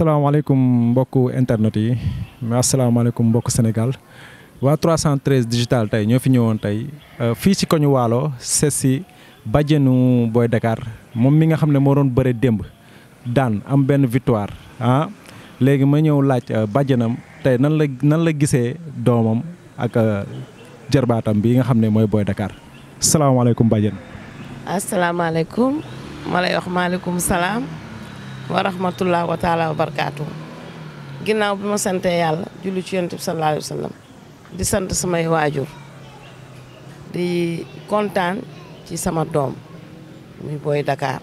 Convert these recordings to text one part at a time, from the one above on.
asalaamaaleykum mbokk internet yi asalaamaaleykum mbokk senegal waa cent 313 digital tey ñoo fi ñëwoon tey euh, fii ci koñu Waalo seet si bàjjenu Boy Dakar moom mi nga xam ne moo doon bëre démb daan am benn victoire ah léegi ma ñëw laaj euh, bàjjenam tey nan la nan la gisee doomam ak euh, jarbaatam bi nga xam ne mooy Boy Dakar salaamaaleykum bàjjen. asalaamaaleykum ma lay wax maaleykum salaam. wa rahmatullah wa taala ginnaaw bi ma santee yàlla julli ci yonent bi sallallahu di sant samay waajur di kontaan ci sama doom muy booy Dakar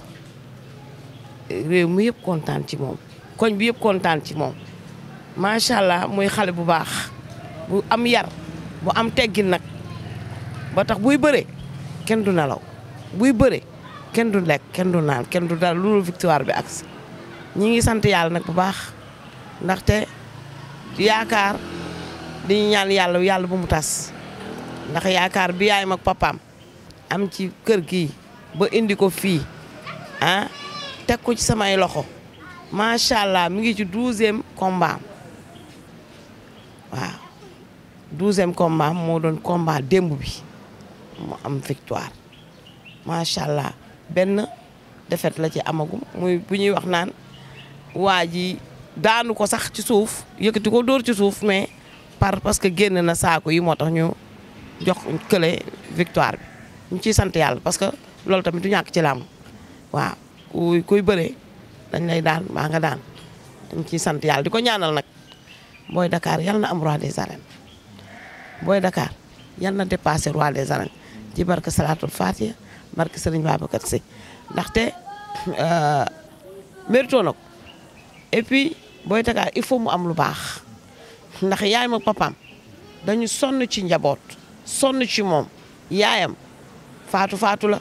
réew mi yëpp kontaan ci moom koñ bi yëpp kontaan ci moom macha allah muy xale bu baax bu am yar bu am teggin nag ba tax buy bëre kenn du nalaw buy bëre kenn du lekk kenn du naan kenn du dal loolu victoire bi aksi ñi ngi sant yàlla nag bu baax ndaxte yaakaar dañu ñaan yàlla yàlla bu mu tas ndax yaakaar bi yaayam mag papaam am ci kër gi ba indi ko fii ah teg ko ci samay loxo macha allah mi ngi ci douzième combat waaw douzième combat moo doon combat démb bi mu am victoire macha allah benn defet la ci amagum muy bu ñuy wax naan. waa ji daanu ko sax ci suuf yëkkati ko dóor ci suuf mais par parce que génn na saako yi moo tax ñu jox kële victoire bi ñu ciy sant parce que loolu tamit du ñàkk ci làmb waaw kuy kuy bëree dañ lay daan maa nga daan dañ ciy sant di ko ñaanal nag booy dakaar yal am roi des arènes booy Dakar yal na dépassé roi des arènes ci barke Salatul Fatiha barke Serigne Babacar Sy ndaxte euh, mérito na ko et puis Boy Dakar il faut mu am lu baax ndax yaay ma papaam dañu sonn ci njaboot sonn ci moom yaayam faatu faatu la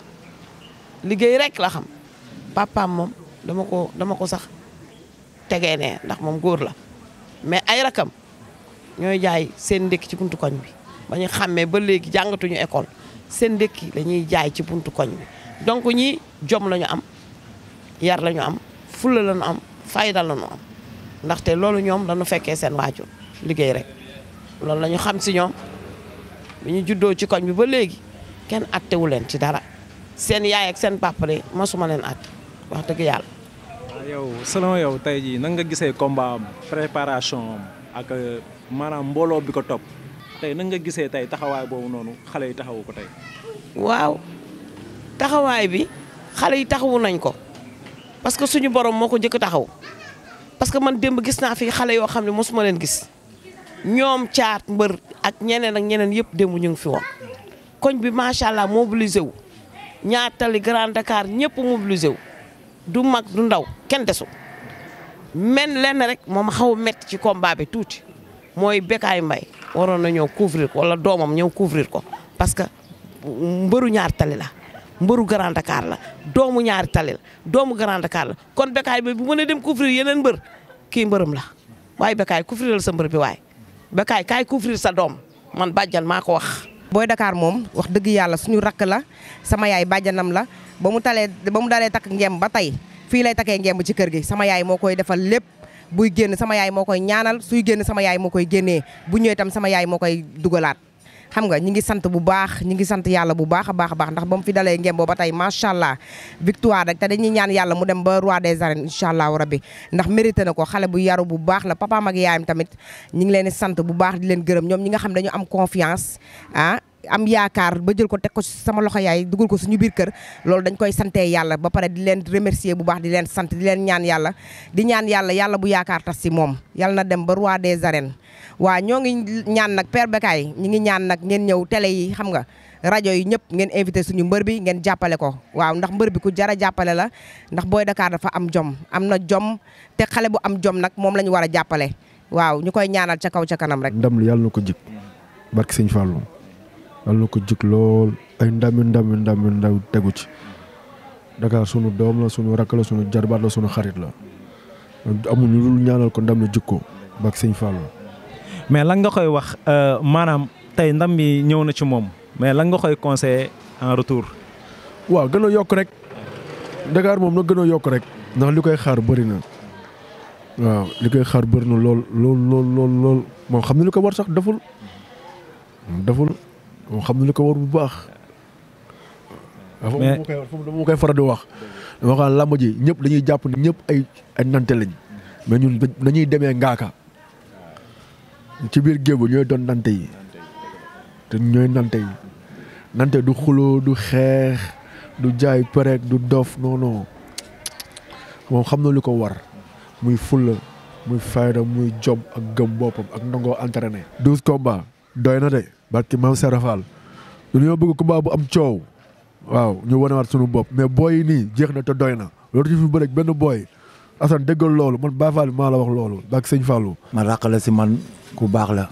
liggéey rek la xam papaam moom dama ko dama ko sax tegee ne ndax moom góor la mais ay rakam ñooy jaay seen ndékki ci buntu koñ bi ba ñu xàmmee ba léegi jàngatuñu école seen ndékki lañuy jaay ci buntu koñ bi donc ñii jom lañu am yar lañu am fulla la am fayda la ñu am ndaxte loolu ñoom dañu fekkee seen waajur liggéey rek loolu la xam si ñoom bi ñu juddoo ci koñ bi ba léegi kenn attewu leen ci dara seen yaay ak seen papa de masuma leen atte wax dëgg yàlla. yow selon yow tey jii nan nga gisee combat am ak euh, maanaam mbooloo bi ko topp tey nan nga gisee tey taxawaay boobu noonu xale yi taxawu ko tey. waaw taxawaay bi xale yi taxawu nañ ko. parce que suñu borom moo ko jëkk taxaw parce que man démb gis naa fi xale yoo xam ne mosuma leen gis ñoom caat mbër ak ñeneen ak ñeneen yëpp démb ñu ngi fi woon. koñ bi macha allah mobilisé wu ñaatali Grand Dakar ñëpp mobilisé wu du mag du ndaw kenn desu men lenn rek moom xaw a métti ci combat bi tuuti mooy Bécaye mbay waroon na ñëw couvrir ko wala doomam ñëw couvrir ko parce que mbëru ñaar tali la. mbëru Grand la doomu ñaari tali la doomu Grand la kon Bécaye bi bu mën a dem couvrir yeneen mbër kii mbërëm la waaye Bécaye couvriral sa mbër bi waaye Bécaye kaay couvrir sa doom man bàjjan maa ko wax. booy dakaar moom wax dëgg yàlla suñu rakk la sama yaay bàjjanam la ba mu talee ba mu dalee takk ngemb ba tey fii lay takkee ngemb ci kër gi sama yaay moo koy defal lépp. buy génn sama yaay moo koy ñaanal suy génn sama yaay moo koy génnee bu ñëwee itam sama yaay moo koy dugalaat xam nga ñi ngi sant bu baax ñi ngi sant yàlla bu baax a baax a baax ndax ba mu fi dalee ngem boo ba tey macha allah victoire rek te dañuy ñaan yàlla mu dem ba roi des arènes incha allah rabbi ndax mérité na ko xale bu yaru bu baax la papaam ak yaayam tamit ñi ngi leen di sant bu baax di leen gërëm ñoom ñi nga xam dañu am confiance ah am yaakaar ba jël ko teg ko sama loxo yaay dugal ko suñu biir kër loolu dañ koy sante yàlla ba pare di leen remercier bu baax di leen sant di leen ñaan yàlla di yàlla yàlla bu yaakaar si moom yàlla na dem ba roi des arènes waa ñoo ngi ñaan nag Père Bécaye ñi ngi ñaan nag ngeen ñëw télé yi xam nga rajo yi ñëpp ngeen invité suñu mbër bi ngeen jàppale ko waaw ndax mbër bi ku jara jàppale la ndax booy Dakar dafa am jom am na jom te xale bu am jom nag moom la war a jàppale waaw ñu koy ñaanal ca kaw ca kanam rek. ndam li yàlla ko jik barki sëñ Fallou ko jik lool ay ndami ndami ndami ndaw tegu ci Dakar sunu doom la sunu rakk la sunu jarbaat la xarit la amuñu ñaanal ko ndam li jik ko barki sëñ Fallou mais lan nga koy wax euh, maanaam tey ndam bi ñëw na ci moom mais lan nga koy conseiller en retour. waaw gën yokk rek Dakar moom nag gën a yokk rek ndax li koy xaar bëri na li koy xaar bëri na lool lool lool lool moom xam na li ko war sax deful deful moom xam na li ko war bu baax. mais moom koy faral di wax. dama ko làmb ji ñëpp dañuy jàpp ne ñëpp ay ay nante lañ mais ñun dañuy demee ngaaka. ci biir géew ba ñooy doon nante yi te ñooy nante yi nante du xuloo du xeex du jaay përek du dof non moom xam na lu ko war muy fulla muy fayda muy jom ak gëm boppam ak ndongoo entraîné. douze combats doy na de barki maam Serafal dañoo bëgg combat bu am coow waaw ñu wanewaat sunu bopp mais booy yi nii jeex na te doy na loolu ci fi bëri benn booy. Assane déggal loolu man Baye Fall maa la wax loolu ak sëñ Fallou. ma ràq la si man ku baax la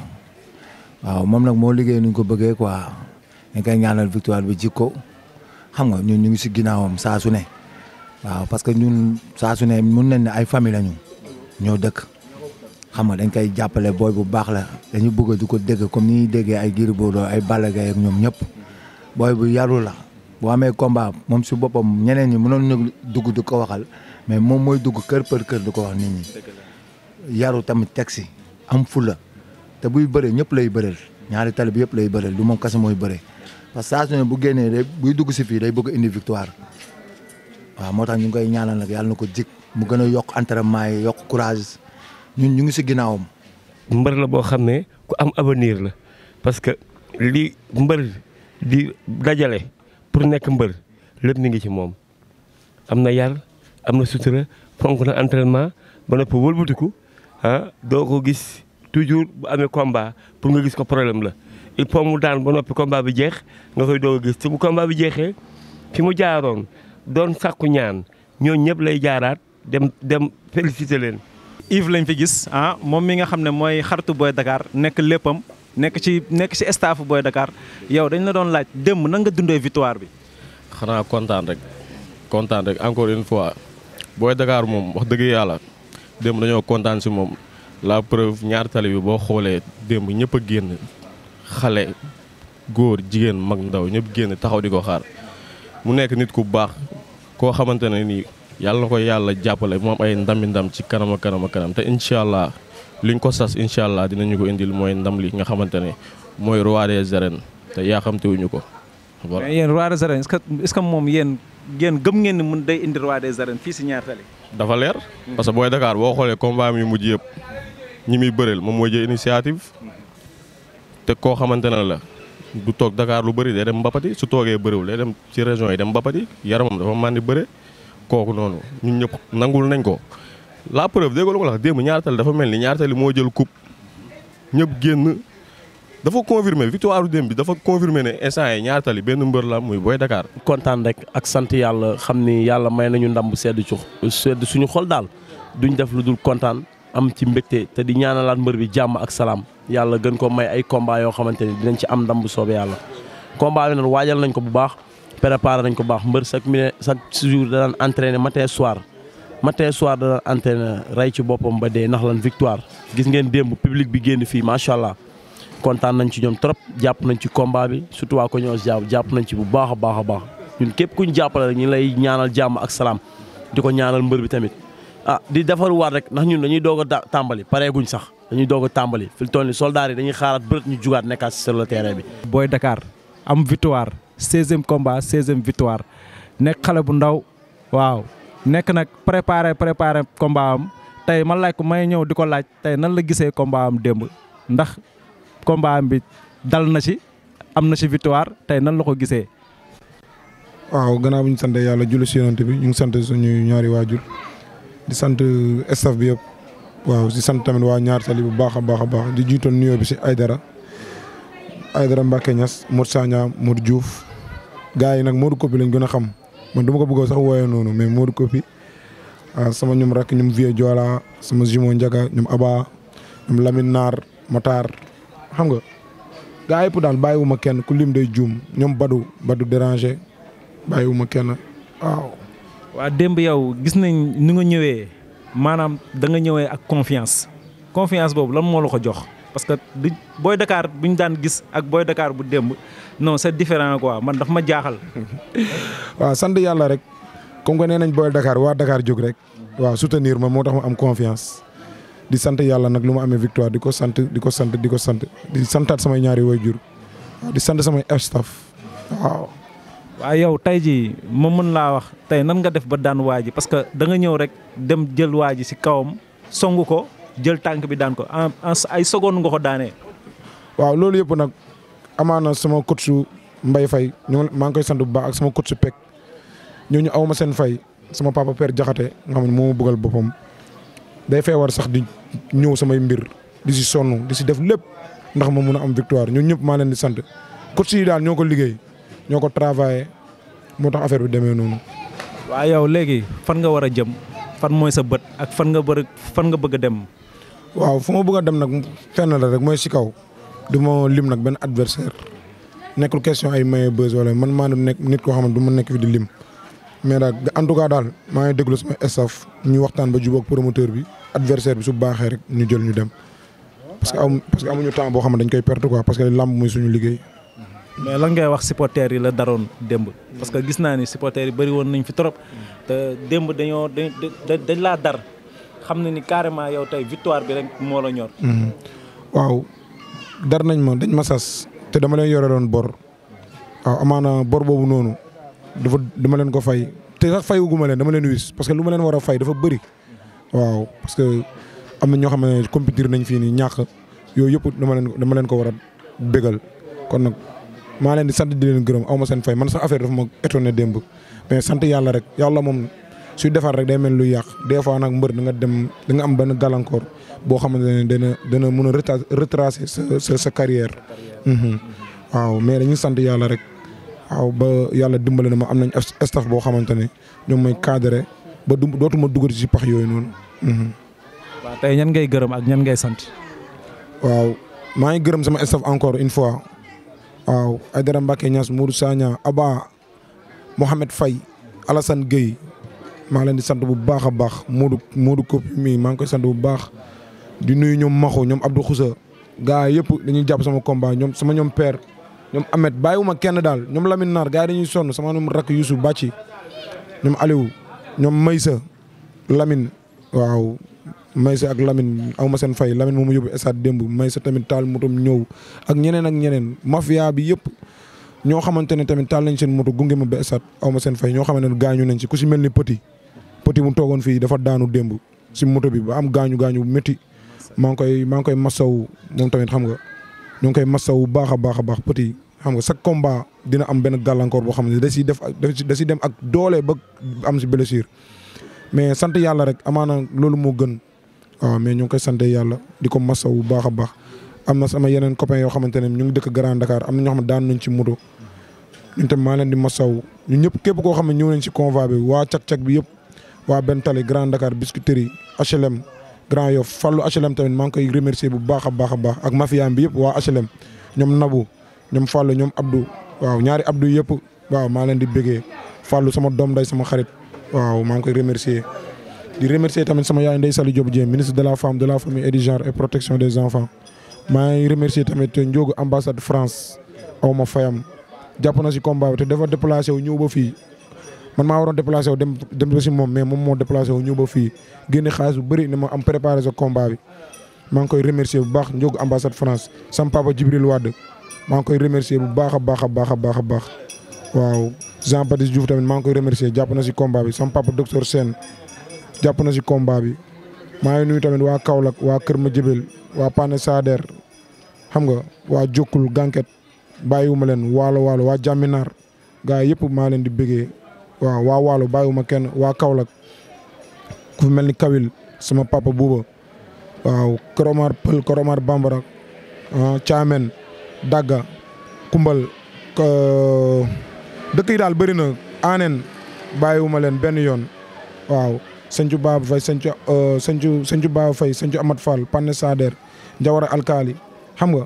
waaw moom nag moo liggéey ni ko bëggee quoi dañ koy ñaanal victoire bi jikko xam nga ñun ñu ngi si ginnaawam saa ne waaw parce que ñun saa su ne mun ne ay famille lañu ñoo dëkk xam nga dañ koy jàppale booy bu baax la dañu bëgg di ko dégg comme ni ñuy déggee ay Gris Bordeaux ay Balla Gaye ñoom ñëpp booy bu yaru la bu amee combat moom si boppam ñeneen ñi mënoon ñu dugg di ko waxal. mais moom mooy dugg kër par kër du ko wax nit ñi yaru tamit teg si am fula te buy bëree ñëpp lay bëreel ñaari tali bi yëpp lay bëreel du moom kese mooy bëree parce que saa su bu génnee day buy dugg si day bëgg indi waaw moo tax ñu ngi koy ñaanal nag yàlla na ko jik mu gën a yokk entraînement yi yokk courage ñun ñu ngi si ginnaawam. mbër la boo xam ne ku am avenir la parce que li mbër di dajale pour nekk mbër lépp mi ngi ci moom am na yar. am na sutura fonk na entraînement ba noppi wëlbatiku ah doo ko gis toujours bu amee combat pour nga gis ko problème la. il faut mu daan ba noppi komba bi jeex nga koy doo a gis te bu combat bi jeexee fi mu jaaroon doon sàkku ñaan ñoo ñëpp lay jaaraat dem dem féliciter leen. Yves lañ fi gis ah moom mi nga xam ne mooy xaritu Boy Dakar nekk léppam nekk ci nekk ci staff Boy Dakar yow dañ la doon laaj démb nan nga dundee victoire bi. xanaa kontaan rek kontaan rek encore une fois booy Dakar moom wax dëgg yàlla démb dañoo kontaan si moom la preuve ñaar tali bi boo xoolee démb ñëpp a génn xale góor jigéen mag ndaw ñëpp génn taxaw di ko xaar mu nekk nit ku baax koo xamante ne nii yàlla na ko yàlla jàppale moom ay ndami ndam ci kanam a kanam a kanam te incha allah liñ ko sas incha allah dinañu ko indil mooy ndam li nga xamante ne mooy roi des te yaa xamtewuñu ko. waa mais yéen roi des arènes est moom yéen yéen gëm ngeen ni mun day indi roi des arènes fii si ñaar tali. dafa leer parce que booy Dakar boo xoolee combat mi mujj yëpp ñi muy bëreel moom mooy jël initiative te koo xamante ne la du toog dakaar lu bëri day dem Mbapati su toogee bëriwul day dem ci région yi dem Mbapati yaramam dafa mën di bëre kooku noonu ñun ñëpp nangul nañ ko. la preuve dégg nga lu ma la démb ñaar dafa mel ni ñaar tali moo jël coupe ñëpp génn. dafa confirmer victoire démb bi dafa confirmer ne instant yi ñaar tali benn mbër la muy Boy Dakar. kontaan rek ak sant yàlla xam ni yàlla may nañu ndam bu sedd sedd suñu xol daal duñ def lu dul kontaan am ci mbégte te di ñaanalaat mbër bi jàmm ak salaam yàlla gën ko may ay combat yoo xamante ni dinañ ci am ndam bu soobee yàlla. combat bi nag waajal nañ ko bu baax préparé nañ ko bu baax mbër chaque minute chaque jour da daan entraîné matin soir matin soir da daan entraîné ci boppam ba dee ndax lan victoire gis ngeen démb public bi génn fii macha allah. kontaan nañ ci ñoom trop jàpp nañ ci combat bi surtout ko jàpp jàpp nañ ci bu baax a baax a baax ñun képp kuñ jàppale rek ñu lay ñaanal jàmm ak salaam di ko ñaanal mbër bi tamit ah di defaruwaat rek ndax ñun dañuy doog a tàmbali pareeguñ sax dañuy doog tàmbali fi toll ni soldats yi dañuy xaaraat bërët ñu jugaat nekkaat sur le terrain bi booy dakaar am victoire seizième combat seizième victoire nekk xale bu ndaw waaw nekk nag préparé préparé combat am tey man laaj ko may ñëw di ko laaj tey nan la gisee combat am combat bi dal na ci am na ci victoire tey nan la ko gisee. waaw gannaaw bi ñu yàlla julli ci bi ñu ngi sant suñu ñaari waajur di sant staff bi yëpp waaw di sant tamit waa ñaar sali bu baax a baax a baax di jiitoon nuyoo bi ci Aydara Aydara Mbacke Niass Modou Sagna Modou juuf gars yi nag Modou Kopi lañ gën a xam man du ko bëggoon sax wooyee noonu mais Modou Kopi ah, sama ñum rakk ñum Vieux Diola sama Jimo Ndiaga ñum Aba ñum Lamine Naar Matar xam nga gaa yëpp daal bàyyiwuma kenn ku lim de juum ñoom badu badu déranger bàyyiwuma kenn waaw. waa démb yow gis nañ ni nga ñëwee maanaam danga nga ñëwee ak confiance confiance boobu lan moo la ko jox parce que di booy Dakar bu ñu daan gis ak booy Dakar bu démb non c'est différent quoi man daf ma jaaxal. waa sant yàlla rek comme que nee nañ booy Dakar waa Dakar jóg rek. waaw soutenir ma moo tax ma am confiance. di sant yàlla nag lu ma amee victoire di ko sant di ko sant di ko sant di santaat sama ñaari waajur di sant samay staff waaw. waaw yow tey jii ma mën laa wax tey nan nga def ba daan waa ji parce que da nga ñëw rek dem jël waa ji si kawam songu ko jël tànk bi daan ko en ay seconde nga ko daanee. waaw loolu yëpp nag amaana suma coach su mbay fay ñu maa ngi koy sant bu baax ak sama coach su Pek ñoo ñu awma seen fay suma papa père Jaxate nga xam ne moo boppam. day feebar sax di ñëw samay mbir di si sonn di si def lépp ndax ma mun a am victoire ñoo ñëpp maa leen di sant coach yi daal ñoo ko liggéey ñoo ko travaillé moo tax affaire bi demee noonu. waaw yow léegi fan nga war a jëm fan mooy sa bët ak fan nga bëgg fan nga bëgg a dem. waaw fu ma bëgg a dem nag fenn la rek mooy si kaw du ma lim nag benn adversaire nekkul question ay maye buzz wala man maa nekk nit koo xam ne du ma nekk fi di lim. mais daal en tout cas daal maa ngi déglu sama staff ñu waxtaan ba jubóog promoteur bi adversaire bi su baaxee rek ñu jël ñu dem parce que amu parce que amuñu temps boo xam ne dañ koy perte quoi parce que làmb mooy suñu liggéey. mais lan wax supporters yi la daroon démb. parce que gis naa ni supporters yi bëri woon nañ fi trop. te démb dañoo dañ dañ laa dar xam na ni carrément yow tey victoire bi rek moo la ñor. Mhm. waaw dar nañ ma dañ ma sas te dama leen yore doon bor waaw amaana bor boobu noonu. dafa dama leen ko fay te sax fayuguma leen dama leen wis parce que lu ma leen war a fay dafa bëri waaw parce que am na ñoo xam ne compétir nañ fii nii ñàkk yooyu yëpp dama leen dama leen ko war a bégal kon nag maa leen sant di leen gërëm aw ma seen fay man sax affaire dafa ma étonné démb mais sant yàlla rek yàlla moom suy defar rek day mel lu yàq des fois nag mbër da nga dem danga nga am benn gàllankoor boo xamante ne dana dana mën a retracer sa sa sa carrière mhm. waaw mais dañuy sant yàlla rek. waaw ba yàlla dimbale na ma am nañ staff boo xamante ne ñoom mooy cadré ba du dootuma duggati ci pax yooyu noonu. Mhm. waaw tey ñan ngay gërëm ak ñan ngay sant. waaw maa ngi gërëm sama staff encore une fois waaw Aïdara Mbacké Niass Mourou Sagna Aba Mohamed Faye Alassane géey maa leen di sant bu baax a baax Modou Modou Kopp mi maa ngi koy sant bu baax di nuyu ñoom Maxo ñoom Abdou Xoussa gaa yëpp dañuy jàpp sama combat ñoom sama ñoom père. ñoom Ahmed bàyyiwuma kenn daal ñoom Lamine Naar gars yi dañuy sonn sama ñoom rakk Youssouf Bàcci ñoom aliw ñoom Maysa lamin waaw Maysa ak Lamine aw ma seen fay Lamine moom mu yóbbu estade démb Maysa tamit taal motom ñëw ak ñeneen ak ñeneen mafia bi yëpp ñoo xamante ne tamit taal nañ seen moto gunge ma ba estade aw ma seen fay ñoo xamante ne gaañu nañ ci ku si mel ni petit petit mu toogoon fii dafa daanu démb si moto bi ba am gaañu gaañu métti maa ngi koy maa ngi koy masawu moom tamit xam nga ñoo ngi koy masawu baax a baax a baax petit xam nga chaque combat dina am benn gàllankoor boo xam ne da siy def da siy dem ak doole ba am si blessure mais sant yàlla rek amaana loolu moo gën waaw mais ñu ngi koy sant yàlla di ko massa bu baax a baax am na sama yeneen copain yoo xamante ne ñu ngi dëkk Grand Dakar am na ñoo xam ne daan nañ ci moto ñun leen di masawu ñun ñëpp képp koo xam ne ñëw nañ ci convoi bi waa cak-cak bi yëpp waa benn tali Grand Dakar Biscuiterie HLM Grand Yoff Fallou HLM tamit maa ngi koy remercier bu baax a baax a baax ak mafia bi yëpp waa HLM ñoom Nabou ñoom Fallou ñoom Abdou waaw ñaari Abdou yëpp waaw maa leen di bëggee Fallou sama doom day sama xarit waaw maa ngi koy remercier di remercier tamit sama yaay Ndeye Saly job Dieng ministre de la femme de la famille et du genre et protection des enfants maa ngi remercier tamit Ndiogu ambassade France aw ma fayam jàpp na si combat bi te dafa déplacé wu ñëw ba fii man maa waroon déplacé wu dem dem ba si moom mais moom moo déplacé wu ñëw ba fii génne xaalis bu bëri ne ma am préparé sa bi maa ngi koy remercier bu baax Ndiogu ambassade France sam papa Djibril Wade maa ngi koy remercier bu baax a baax a baax a baax a baax waaw Jean Baptiste Diouf tamit maa ngi koy remercier jàpp na si combat bi sama papa docteur Sène jàpp na si combat bi maa ngi nuyu tamit waa Kaolack waa Kër ma Madiabel waa Pane Sader xam nga waa Jokkul Ganket bàyyiwuma leen waalo waalo waa Jàmminaar gaa yëpp maa leen di béggee waaw waa waalo bàyyiwuma kenn waa Kaolack ku mel ni Kawil sama papa Bouba waaw Koromar Pël Koromar Bambara ah dagga kumbal dëkk daal bëri na aaneen bàyyiwuma leen benn yoon waaw sëñcu Baaba Fay sëñcu euh, sëñcu sëñcu Baaba Fay sëñcu Amat Fall Panne Sader Njawara Alkaali xam nga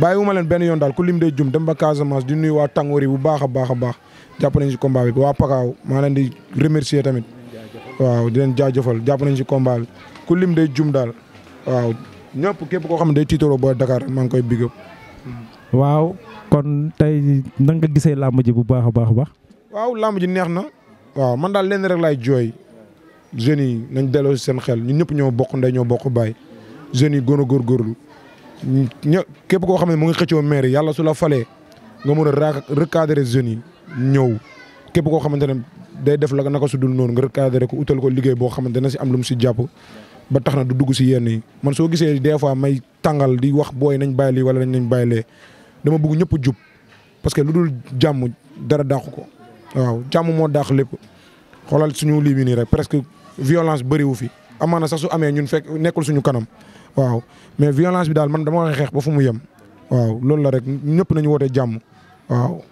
bàyyiwuma leen benn yoon daal ku lim day jum dem ba Casamance di nuyu waa Tangori bu baax a baax a baax jàpp nañ ci combat bi waa Pakaaw maa leen di remercier tamit waaw di leen jaajëfal jàpp nañ ci combat ku lim day jum daal waaw ñëpp képp koo xam ne day tiitaroo booy Dakar koy big waaw kon tey nan nga gisee làmb ji bu baax a baax a baax. waaw làmb ji neex na. waaw man daal lenn rek laay jooy jeunes yi nañ delloo si seen xel ñun ñëpp ñoo bokk ndey ñoo bokk baay jeunes yi gën a góorgóorlu ñë képp koo xam ne mu ngi xëccoo maire yàlla su la falee nga mën a recadrer jeunes yi ñëw képp koo xamante ne day def la naka su dul noonu nga recadrer ko utal ko liggéey boo xamante ne si am lu mu si jàpp. ba tax na du dugg si yenn yi man soo gisee des fois may tàngal di wax booy nañ bàyyi lii wala nañ nañ bay lee dama bugg ñëpp jub parce que lu dul jàmm dara dàqu ko waaw jàmm moo dàq lépp xoolal suñu lii bi nii rek presque violence bëriwu fi amaana sax su amee ñun fekk nekkul suñu kanam waaw mais violence bi daal man dama xeex ba fu mu yem waaw loolu la rek ñëpp nañu woote jàmm waaw.